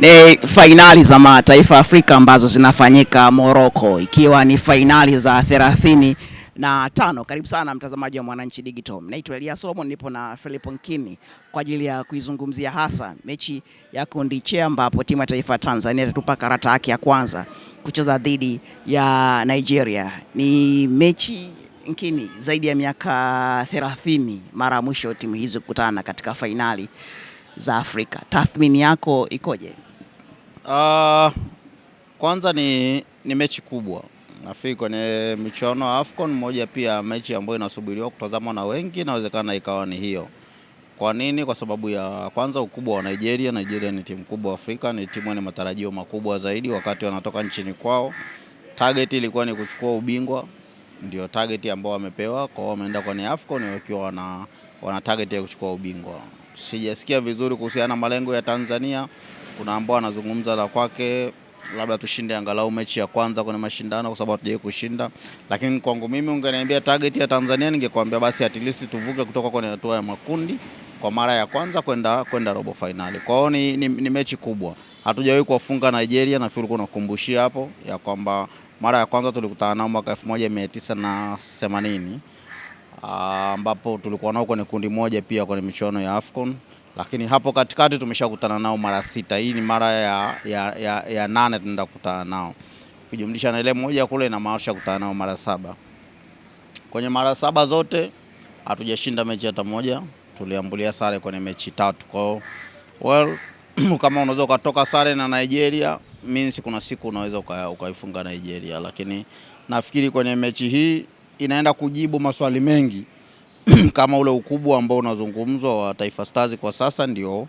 ni fainali za mataifa Afrika ambazo zinafanyika Morocco, ikiwa ni fainali za thelathini na tano. Karibu sana mtazamaji wa Mwananchi Digital, naitwa Elia Solomon, nipo na Philip Nkini kwa ajili ya kuizungumzia hasa mechi ya kundi C ambapo timu ya taifa ya Tanzania itatupa karata yake ya kwanza kucheza dhidi ya Nigeria. Ni mechi Nkini, zaidi ya miaka 30 mara ya mwisho timu hizi kukutana katika fainali za Afrika, tathmini yako ikoje? Uh, kwanza ni, ni mechi kubwa nafikiri kwenye michuano ya AFCON, moja pia mechi ambayo inasubiriwa kutazamwa na wengi, inawezekana ikawa ni hiyo. Kwa nini? Kwa sababu ya kwanza ukubwa wa Nigeria. Nigeria ni timu kubwa Afrika, ni timu yenye matarajio makubwa zaidi wakati wanatoka nchini kwao. Target ilikuwa ni kuchukua ubingwa, ndio target ambao wamepewa kwao, wameenda kwenye AFCON wakiwa wana, wana target ya kuchukua ubingwa. Sijasikia vizuri kuhusiana na malengo ya Tanzania kuna ambao wanazungumza la kwake labda tushinde angalau mechi ya kwanza kwenye mashindano kwa sababu hatujai kushinda, lakini kwangu mimi ungeniambia target ya Tanzania ningekwambia basi at least tuvuke kutoka kwenye hatua ya makundi kwa mara ya kwanza kwenda kwenda robo finali. Kwa hiyo ni, ni, ni mechi kubwa, hatujawahi kuwafunga Nigeria. Nafikiri ulikuwa unakumbushia hapo ya kwamba mara ya kwanza tulikutana nao mwaka 1980 ah, ambapo tulikuwa nao kwenye kundi moja pia kwenye michuano ya Afcon lakini hapo katikati tumeshakutana nao mara sita. Hii ni mara ya, ya, ya, ya nane tunaenda kukutana nao kujumlisha na ile moja kule na maisha kutana nao mara saba. Kwenye mara saba zote hatujashinda mechi hata moja, tuliambulia sare kwenye mechi tatu. Kwa well, kama unaweza ukatoka sare na Nigeria means kuna siku unaweza ukaifunga Nigeria, lakini nafikiri kwenye mechi hii inaenda kujibu maswali mengi kama ule ukubwa ambao unazungumzwa wa Taifa Stars kwa sasa ndio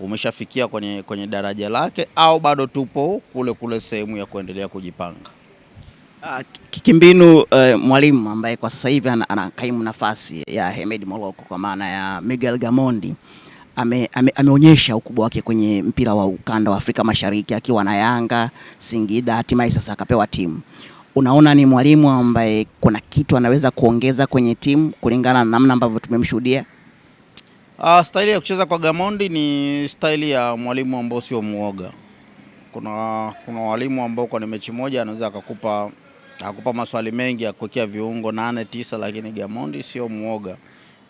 umeshafikia kwenye, kwenye daraja lake au bado tupo kule kule sehemu ya kuendelea kujipanga? Uh, uh, mwalimu ambaye kwa sasa hivi anakaimu nafasi ya Hemed Moroko kwa maana ya Miguel Gamondi ame, ame, ameonyesha ukubwa wake kwenye mpira wa ukanda wa Afrika Mashariki akiwa na Yanga, Singida, hatimaye sasa akapewa timu unaona ni mwalimu ambaye kuna kitu anaweza kuongeza kwenye timu kulingana na namna ambavyo tumemshuhudia? Uh, ah, staili ya kucheza kwa Gamondi ni staili ya mwalimu ambao sio muoga. Kuna kuna walimu ambao kwa mechi moja anaweza akakupa akupa maswali mengi kuwekea viungo nane tisa, lakini Gamondi sio muoga.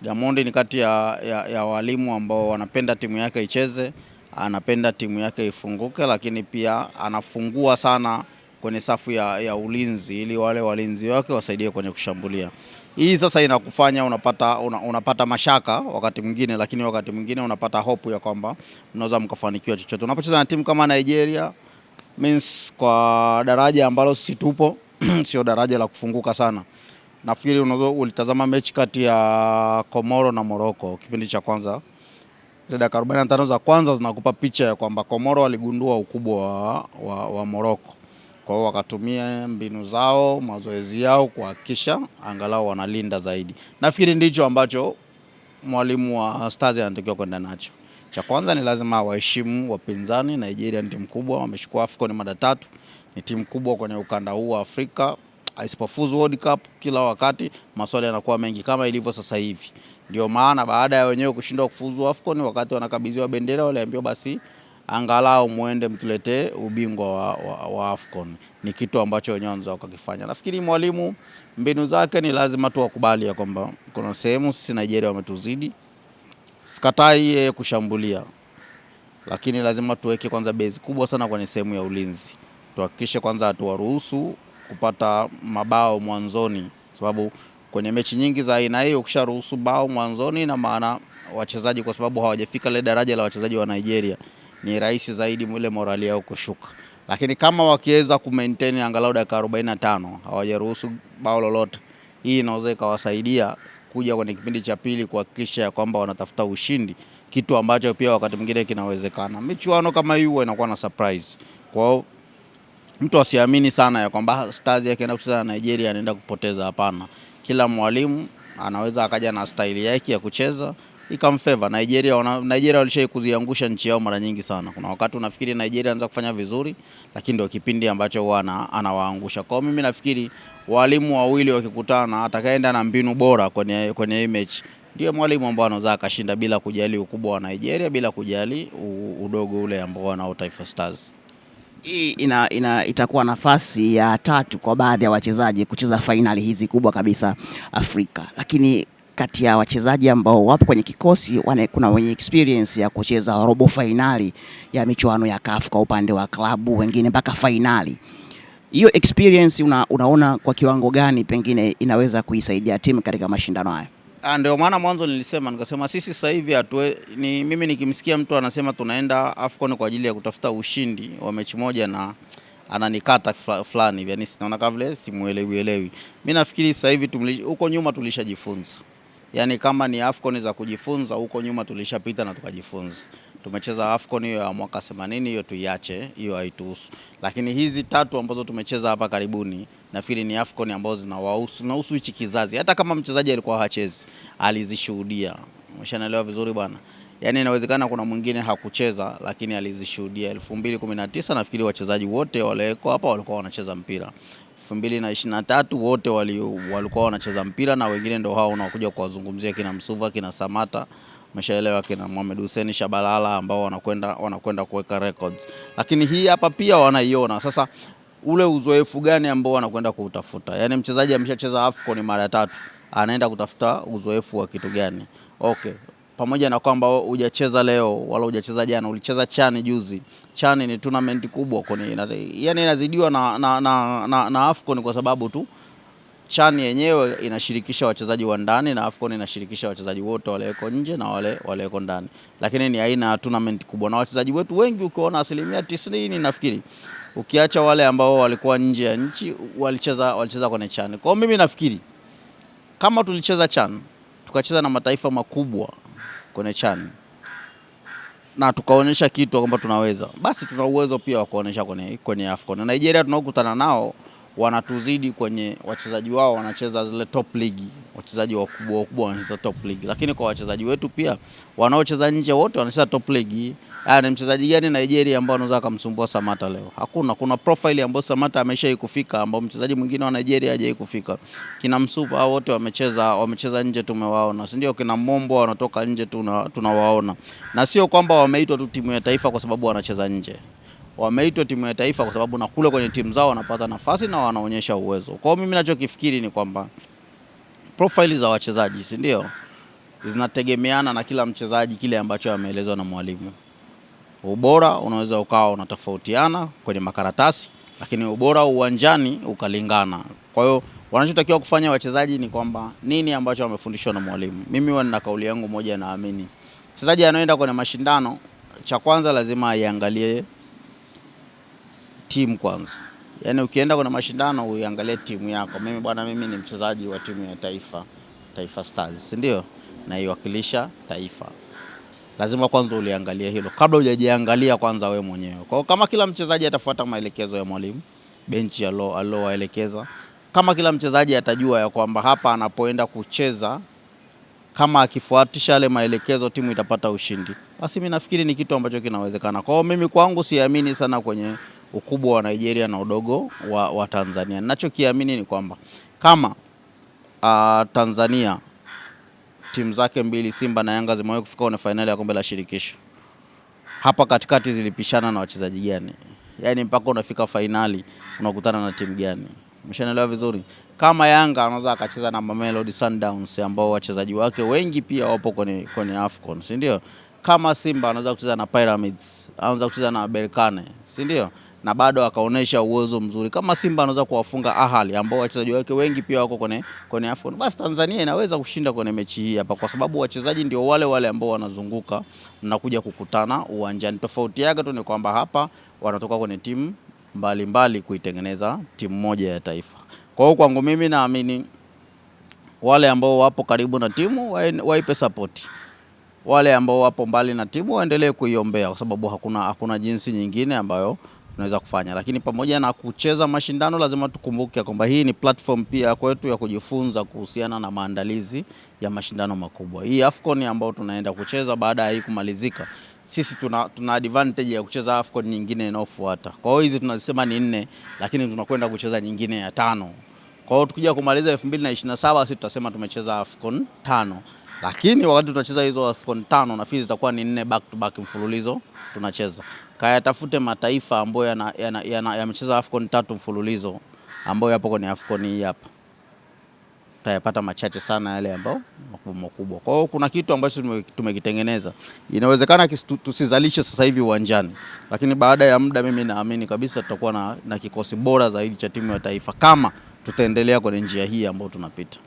Gamondi ni kati ya, ya, ya walimu ambao wanapenda timu yake icheze, anapenda timu yake ifunguke, lakini pia anafungua sana kwenye safu ya, ya ulinzi ili wale walinzi wake wasaidie kwenye kushambulia. Hii sasa inakufanya unapata, una, unapata mashaka wakati mwingine, lakini wakati mwingine unapata hopu ya kwamba mnaweza mkafanikiwa chochote unapocheza na timu kama Nigeria means kwa daraja ambalo sisi tupo sio daraja la kufunguka sana. Nafikiri ulitazama mechi kati ya Komoro na Moroko kipindi cha kwanza, zile dakika 45 za kwanza zinakupa picha ya kwamba Komoro waligundua ukubwa wa, wa, wa Moroko kwa hiyo wakatumia mbinu zao, mazoezi yao kuhakikisha angalau wanalinda zaidi. Nafikiri ndicho ambacho mwalimu wa Stars anatakiwa kwenda nacho. Cha kwanza ni lazima waheshimu wapinzani. Nigeria ni timu kubwa, wameshukua AFCON mara tatu, ni timu kubwa kwenye ukanda huu wa Afrika. Isipofuzu World Cup, kila wakati maswali yanakuwa mengi kama ilivyo sasa hivi. Ndio maana baada ya wenyewe kushindwa kufuzu AFCON, wakati wanakabidhiwa bendera, waliambiwa basi angalau muende mtuletee ubingwa wa, wa, wa AFCON. Ni kitu ambacho wenyewe wanaweza wakakifanya. Nafikiri mwalimu mbinu zake ni lazima tu wakubali ya kwamba kuna sehemu sisi Nigeria wametuzidi. Sikatai yeye kushambulia, lakini lazima tuweke kwanza base kubwa sana kwenye sehemu ya ulinzi, tuhakikishe kwanza hatuwaruhusu kupata mabao mwanzoni, sababu kwenye mechi nyingi za aina hiyo ukisharuhusu bao mwanzoni, na maana wachezaji, kwa sababu hawajafika ile daraja la wachezaji wa Nigeria ni rahisi zaidi ile morali yao kushuka, lakini kama wakiweza kumaintain angalau dakika 45 hawajaruhusu bao lolote, hii inaweza ikawasaidia kuja kwenye kipindi cha pili kuhakikisha kwamba wanatafuta ushindi, kitu ambacho pia wakati mwingine kinawezekana. Michuano kama hii huwa inakuwa na surprise kwao mtu asiamini sana ya kwamba ah, Stars akienda kucheza na Nigeria anaenda kupoteza. Hapana, kila mwalimu anaweza akaja na staili yake ya kucheza ikamfeva Nigeria. Wana, Nigeria walishai kuziangusha nchi yao mara nyingi sana. Kuna wakati unafikiri Nigeria anza kufanya vizuri, lakini ndio kipindi ambacho huwa anawaangusha. Kwa mimi nafikiri walimu wawili wakikutana, atakaenda na mbinu bora kwenye, kwenye hii mechi ndio mwalimu ambao anaweza akashinda bila kujali ukubwa wa Nigeria, bila kujali udogo ule ambao wanao Taifa Stars. Hii ina, ina, itakuwa nafasi ya tatu kwa baadhi ya wachezaji kucheza fainali hizi kubwa kabisa Afrika, lakini kati ya wachezaji ambao wapo kwenye kikosi wane, kuna wenye experience ya kucheza robo fainali ya michuano ya CAF kwa upande wa klabu, wengine mpaka fainali. Hiyo experience una, unaona kwa kiwango gani pengine inaweza kuisaidia timu katika mashindano haya? Ah, ndio maana mwanzo nilisema nikasema sisi sasa hivi hatue, ni mimi nikimsikia mtu anasema tunaenda AFCON kwa ajili ya kutafuta ushindi wa mechi moja na ananikata fulani hivi, yani sinaona kama vile simuelewi elewi. Mimi nafikiri sasa hivi huko nyuma tulishajifunza yani kama ni Afcon za kujifunza, huko nyuma tulishapita na tukajifunza. Tumecheza Afcon hiyo ya mwaka 80 hiyo tuiache, hiyo haituhusu. Lakini hizi tatu ambazo tumecheza hapa karibuni nafikiri ni Afcon ambazo zinawahusu, zinahusu hichi kizazi. Hata kama mchezaji alikuwa hachezi, alizishuhudia. Umeshanaelewa vizuri bwana. Yaani inawezekana kuna mwingine hakucheza lakini alizishuhudia. 2019 nafikiri wachezaji wote walioko hapa walikuwa wanacheza mpira. 2023 wote walikuwa wanacheza mpira na wengine ndio hao unaokuja kuwazungumzia kina Msuva kina Samata umeshaelewa kina Mohamed Hussein Shabalala ambao wanakwenda wanakwenda kuweka records, lakini hii hapa pia wanaiona sasa ule uzoefu gani ambao wanakwenda kuutafuta. Yaani mchezaji ameshacheza AFCON mara tatu, anaenda kutafuta uzoefu wa kitu gani? Okay, pamoja na kwamba hujacheza leo wala hujacheza jana, ulicheza chani juzi. Chani ni tournament kubwa kwenye, yani inazidiwa na, na, na, na, na Afcon kwa sababu tu chani yenyewe inashirikisha wachezaji wa ndani na Afcon inashirikisha wachezaji wote waleweko nje na wale waleweko ndani, lakini ni aina ya tournament kubwa, na wachezaji wetu wengi ukiona asilimia tisini nafikiri ukiacha wale ambao walikuwa nje ya nchi walicheza, walicheza kwenye chani. Kwa mimi nafikiri kama tulicheza chani tukacheza na mataifa makubwa kwenye CHAN na tukaonyesha kitu kwamba tunaweza, basi tuna uwezo pia wa kuonyesha kwenye, kwenye AFCON. Nigeria tunaokutana nao wanatuzidi kwenye wachezaji wao wanacheza zile top ligi wachezaji wakubwa wakubwa wanacheza top league, lakini kwa wachezaji wetu pia wanaocheza nje wote wanacheza top league. Haya, ni mchezaji gani Nigeria ambao anaweza kumsumbua Samata leo? Hakuna. Kuna profile ambayo Samata ameshai kufika ambao mchezaji mwingine wa Nigeria hajai kufika. Kina Msupa hao wote wamecheza wamecheza nje tumewaona, si ndio? Kina Mombo wanatoka nje tunawaona, na sio kwamba wameitwa tu timu ya taifa kwa sababu wanacheza nje wameitwa timu ya taifa kwa sababu na kule kwenye timu zao wanapata nafasi na wanaonyesha uwezo. Kwa hiyo mimi nachokifikiri ni kwamba profile za wachezaji, si ndio? Zinategemeana na kila mchezaji kile ambacho ameelezwa na mwalimu. Ubora unaweza ukawa unatofautiana kwenye makaratasi, lakini ubora uwanjani ukalingana. Kwa hiyo wanachotakiwa kufanya wachezaji ni kwamba nini ambacho wamefundishwa na mwalimu. Mimi huwa nina kauli yangu moja, naamini mchezaji anaoenda kwenye mashindano, cha kwanza lazima aiangalie timu kwanza. Yaani ukienda kuna mashindano uiangalie timu yako. Mimi bwana, mimi ni mchezaji wa timu ya taifa, Taifa Stars, si ndio? Naiwakilisha taifa, lazima kwanza uliangalie hilo kabla hujajiangalia kwanza we mwenyewe. Kwa kama kila mchezaji atafuata maelekezo ya mwalimu benchi aliowaelekeza, kama kila mchezaji atajua ya kwamba hapa anapoenda kucheza kama akifuatisha yale maelekezo timu itapata ushindi, basi mimi nafikiri ni kitu ambacho kinawezekana. Kwa hiyo mimi kwangu siamini sana kwenye ukubwa wa Nigeria na udogo wa, wa Tanzania. Ninachokiamini ni kwamba kama uh, Tanzania timu zake mbili Simba na Yanga zimewahi kufika kwenye fainali ya kombe la shirikisho, hapa katikati zilipishana na wachezaji gani? Yaani mpaka unafika fainali unakutana na timu gani? Mshanaelewa vizuri. Kama Yanga anaweza akacheza na Mamelodi Sundowns ambao wachezaji wake wengi pia wapo kwenye kwenye Afcon, si ndio? Kama Simba anaweza kucheza na Pyramids, anaweza kucheza na Berkane, si ndio? na bado akaonyesha uwezo mzuri. Kama Simba anaweza kuwafunga Ahali ambao wachezaji wake wengi pia wako kwenye kwenye AFCON, basi Tanzania inaweza kushinda kwenye mechi hii hapa, kwa sababu wachezaji ndio wale wale ambao wanazunguka na kuja kukutana uwanjani. Tofauti yake tu ni kwamba hapa wanatoka kwenye timu mbalimbali mbali kuitengeneza timu moja ya taifa. Kwa hiyo kwangu mimi naamini wale ambao wapo karibu na timu waipe sapoti, wale ambao wapo mbali na timu waendelee kuiombea, kwa sababu hakuna, hakuna jinsi nyingine ambayo tunaweza kufanya, lakini pamoja na kucheza mashindano, lazima tukumbuke kwamba hii ni platform pia kwetu ya kujifunza kuhusiana na maandalizi ya mashindano makubwa. Hii AFCON ambayo tunaenda kucheza baada ya hii kumalizika, sisi tuna, tuna advantage ya kucheza AFCON nyingine inayofuata. Kwa hiyo hizi tunazisema ni nne, lakini tunakwenda kucheza nyingine ya tano. Kwa hiyo tukija kumaliza 2027 sisi tutasema tumecheza AFCON tano lakini wakati tunacheza hizo AFCON tano na Fizi zitakuwa ni nne back to back mfululizo tunacheza. Kayatafute mataifa ambayo yamecheza ya ya AFCON tatu mfululizo ambayo yapo kwenye AFCON hii hapa, tayapata machache sana yale ambayo makubwa makubwa. Kwa hiyo kuna kitu ambacho tumekitengeneza, inawezekana tusizalishe sasa hivi uwanjani, lakini baada ya muda, mimi naamini kabisa tutakuwa na, na kikosi bora zaidi cha timu ya taifa kama tutaendelea kwenye njia hii ambayo tunapita.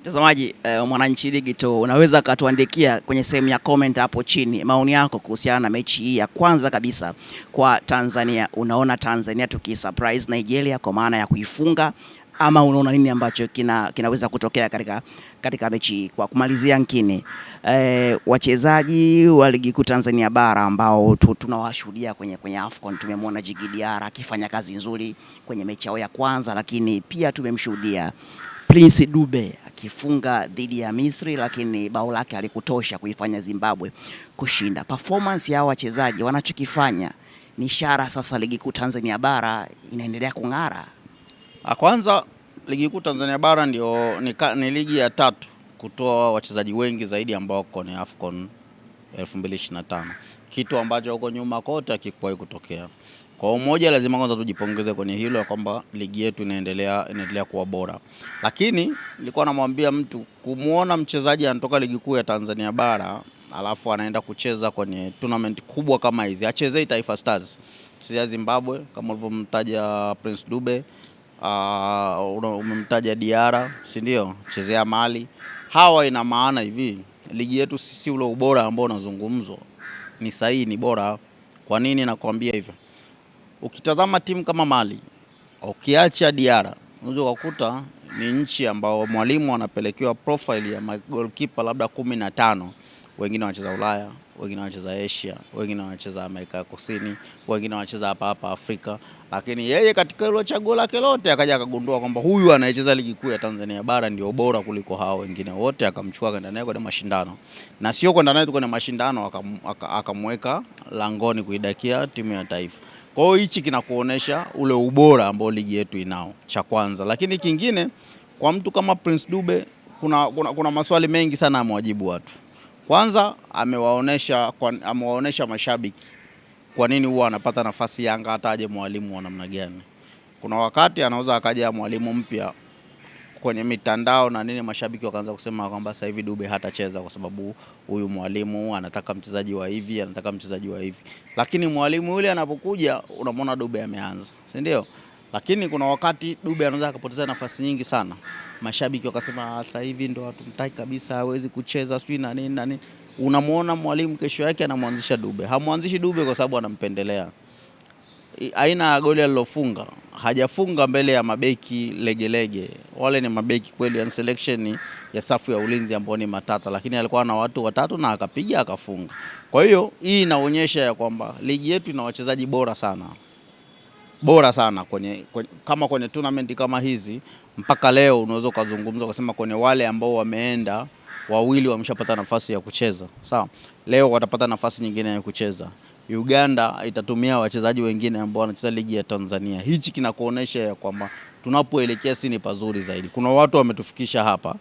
Mtazamaji uh, Mwananchi Digital unaweza katuandikia kwenye sehemu ya comment hapo chini maoni yako kuhusiana na mechi hii ya kwanza kabisa kwa Tanzania. Unaona Tanzania tukisurprise Nigeria kwa maana ya kuifunga ama unaona nini ambacho kina, kinaweza kutokea katika, katika mechi hii? Kwa kumalizia Nkini, e, wachezaji wa ligi kuu Tanzania bara ambao tunawashuhudia kwenye, kwenye AFCON tumemwona Jigidiara akifanya kazi nzuri kwenye mechi yao ya kwanza, lakini pia tumemshuhudia Prince Dube akifunga dhidi ya Misri, lakini bao lake alikutosha kuifanya Zimbabwe kushinda. Performance ya wachezaji wanachokifanya ni ishara sasa ligi kuu Tanzania bara inaendelea kung'ara. Ah, kwanza ligi kuu Tanzania bara ndio ni, ni ligi ya tatu kutoa wachezaji wengi zaidi ambao wako kwenye AFCON 2025 kitu ambacho huko nyuma kote hakikuwahi kutokea. Kwa umoja lazima kwanza tujipongeze kwenye hilo ya kwamba ligi yetu inaendelea inaendelea kuwa bora, lakini nilikuwa namwambia mtu kumwona mchezaji anatoka ligi kuu ya Tanzania bara alafu anaenda kucheza kwenye tournament kubwa kama hizi, achezee Taifa Stars ya Zimbabwe kama ulivyomtaja Prince Dube, uh, umemtaja Diara, si ndio? Chezea Mali. Hawa ina maana hivi ligi yetu sisi ule ubora ambao unazungumzwa ni sahihi, ni bora. Kwa nini nakwambia hivyo? Ukitazama timu kama Mali, ukiacha Diara, unaweza kukuta ni nchi ambao mwalimu anapelekewa profile ya goalkeeper labda kumi na tano, wengine wanacheza Ulaya wengine wanacheza Asia, wengine wanacheza Amerika ya Kusini, wengine wanacheza hapa hapa Afrika. Lakini yeye katika hilo chaguo lake lote akaja akagundua kwamba huyu anayecheza ligi kuu ya Tanzania bara ndio bora kuliko hao wengine wote, akamchukua kwenda naye kwenye mashindano, na sio kwenda naye tu kwenye mashindano, akamweka langoni kuidakia timu ya taifa. Kwa hiyo hichi kinakuonesha ule ubora ambao ligi yetu inao, cha kwanza. Lakini kingine, kwa mtu kama Prince Dube kuna, kuna, kuna maswali mengi sana amewajibu watu kwanza amewaonesha amewaonesha mashabiki kwa nini huwa anapata nafasi Yanga hata aje mwalimu wa namna gani. Kuna wakati anaweza akaja mwalimu mpya kwenye mitandao na nini, mashabiki wakaanza kusema kwamba sasa hivi Dube hatacheza kwa sababu huyu mwalimu anataka mchezaji wa hivi, anataka mchezaji wa hivi, lakini mwalimu yule anapokuja unamwona Dube ameanza, si ndio? lakini kuna wakati Dube anaweza akapoteza nafasi nyingi sana, mashabiki wakasema sasa hivi ndo hatumtaki kabisa, hawezi kucheza sijui na nini na nini. Unamwona mwalimu kesho yake anamwanzisha Dube, hamwanzishi Dube kwa sababu anampendelea. Aina ya goli alilofunga hajafunga mbele ya mabeki legelege lege. Wale ni mabeki kweli, ya selection ya safu ya ulinzi ambao ni matata, lakini alikuwa na watu watatu na akapiga akafunga. Kwa hiyo hii inaonyesha ya kwamba ligi yetu ina wachezaji bora sana bora sana kwenye, kwenye, kama kwenye tournament kama hizi mpaka leo unaweza ukazungumza ukasema kwenye wale ambao wameenda wawili wameshapata nafasi ya kucheza sawa. Leo watapata nafasi nyingine ya kucheza. Uganda itatumia wachezaji wengine ambao wanacheza ligi ya Tanzania. Hichi kinakuonyesha ya kwamba tunapoelekea si ni pazuri zaidi. Kuna watu wametufikisha hapa,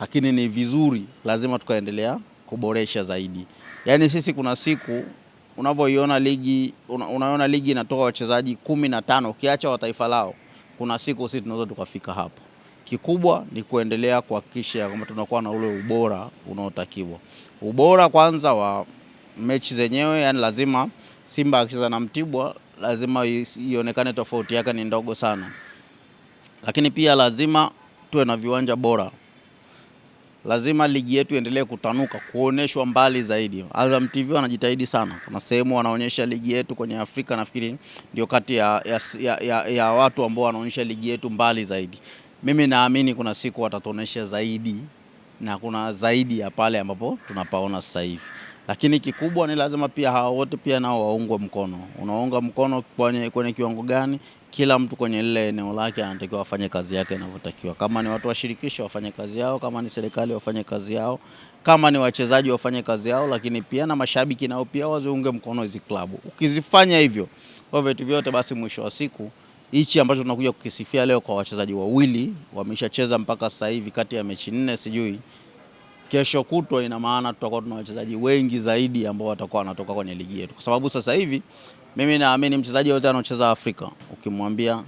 lakini ni vizuri, lazima tukaendelea kuboresha zaidi. Yaani sisi kuna siku unavyoiona ligi una, unaona ligi inatoka wachezaji kumi na tano ukiacha wa taifa lao. Kuna siku sisi tunaweza tukafika hapo. Kikubwa ni kuendelea kuhakikisha kwamba tunakuwa na ule ubora unaotakiwa, ubora kwanza wa mechi zenyewe. Yani lazima Simba akicheza na Mtibwa lazima ionekane tofauti yake ni ndogo sana, lakini pia lazima tuwe na viwanja bora lazima ligi yetu iendelee kutanuka, kuoneshwa mbali zaidi. Azam TV wanajitahidi sana, kuna sehemu wanaonyesha ligi yetu kwenye Afrika, nafikiri ndio kati ya, ya, ya, ya watu ambao wanaonyesha ligi yetu mbali zaidi. Mimi naamini kuna siku watatuonyesha zaidi na kuna zaidi ya pale ambapo tunapaona sasa hivi, lakini kikubwa ni lazima pia hawa wote pia nao waungwe mkono. Unaunga mkono kwenye, kwenye kiwango gani? kila mtu kwenye lile eneo lake anatakiwa afanye kazi yake inavyotakiwa. Kama ni watu washirikisho wafanye kazi yao, kama ni serikali wafanye kazi yao, kama ni wachezaji wafanye kazi yao, lakini pia na mashabiki nao pia waziunge mkono hizi klabu. Ukizifanya hivyo kwa vitu vyote, basi mwisho wa siku hichi ambacho tunakuja kukisifia leo kwa wachezaji wawili wameshacheza mpaka sasa hivi kati ya mechi nne, sijui kesho kutwa, ina maana tutakuwa tuna wachezaji wengi zaidi ambao watakuwa wanatoka kwenye ligi yetu, kwa sababu sasa hivi mimi naamini mchezaji yote anaocheza Afrika ukimwambia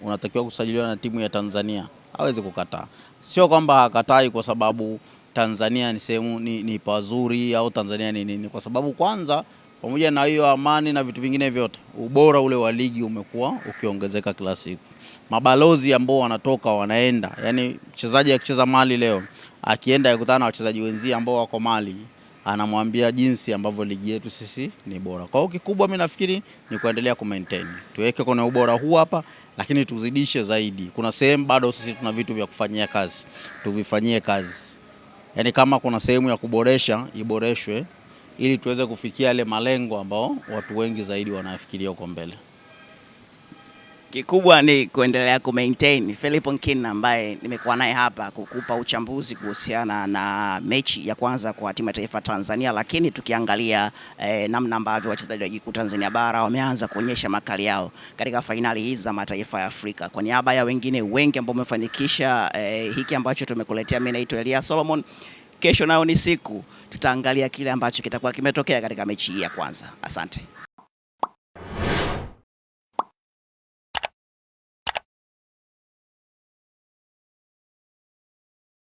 unatakiwa kusajiliwa na timu ya Tanzania hawezi kukataa. Sio kwamba hakatai kwa sababu Tanzania ni sehemu ni, ni pazuri au Tanzania ni nini, kwa sababu kwanza, pamoja na hiyo amani na vitu vingine vyote, ubora ule wa ligi umekuwa ukiongezeka kila siku. Mabalozi ambao wanatoka wanaenda, yani mchezaji akicheza Mali leo akienda akutana na wachezaji wenzie ambao wako Mali anamwambia jinsi ambavyo ligi yetu sisi ni bora. Kwa hiyo kikubwa mimi nafikiri ni kuendelea kumaintain, tuweke kwenye ubora huu hapa, lakini tuzidishe zaidi. Kuna sehemu bado sisi tuna vitu vya kufanyia kazi, tuvifanyie kazi. Yaani kama kuna sehemu ya kuboresha iboreshwe, ili tuweze kufikia yale malengo ambao watu wengi zaidi wanafikiria huko mbele. Kikubwa ni kuendelea maintain Philip Nkin ambaye nimekuwa naye hapa kukupa uchambuzi kuhusiana na mechi ya kwanza kwa timu ya taifa Tanzania, lakini tukiangalia eh, namna ambavyo wachezaji wa jikuu Tanzania bara wameanza kuonyesha makali yao katika fainali hizi za mataifa ya Afrika. Kwa niaba ya wengine wengi ambao wamefanikisha eh, hiki ambacho tumekuletea, mimi naitwa Elias Solomon. Kesho nao ni siku, tutaangalia kile ambacho kitakuwa kimetokea katika mechi hii ya kwanza. Asante.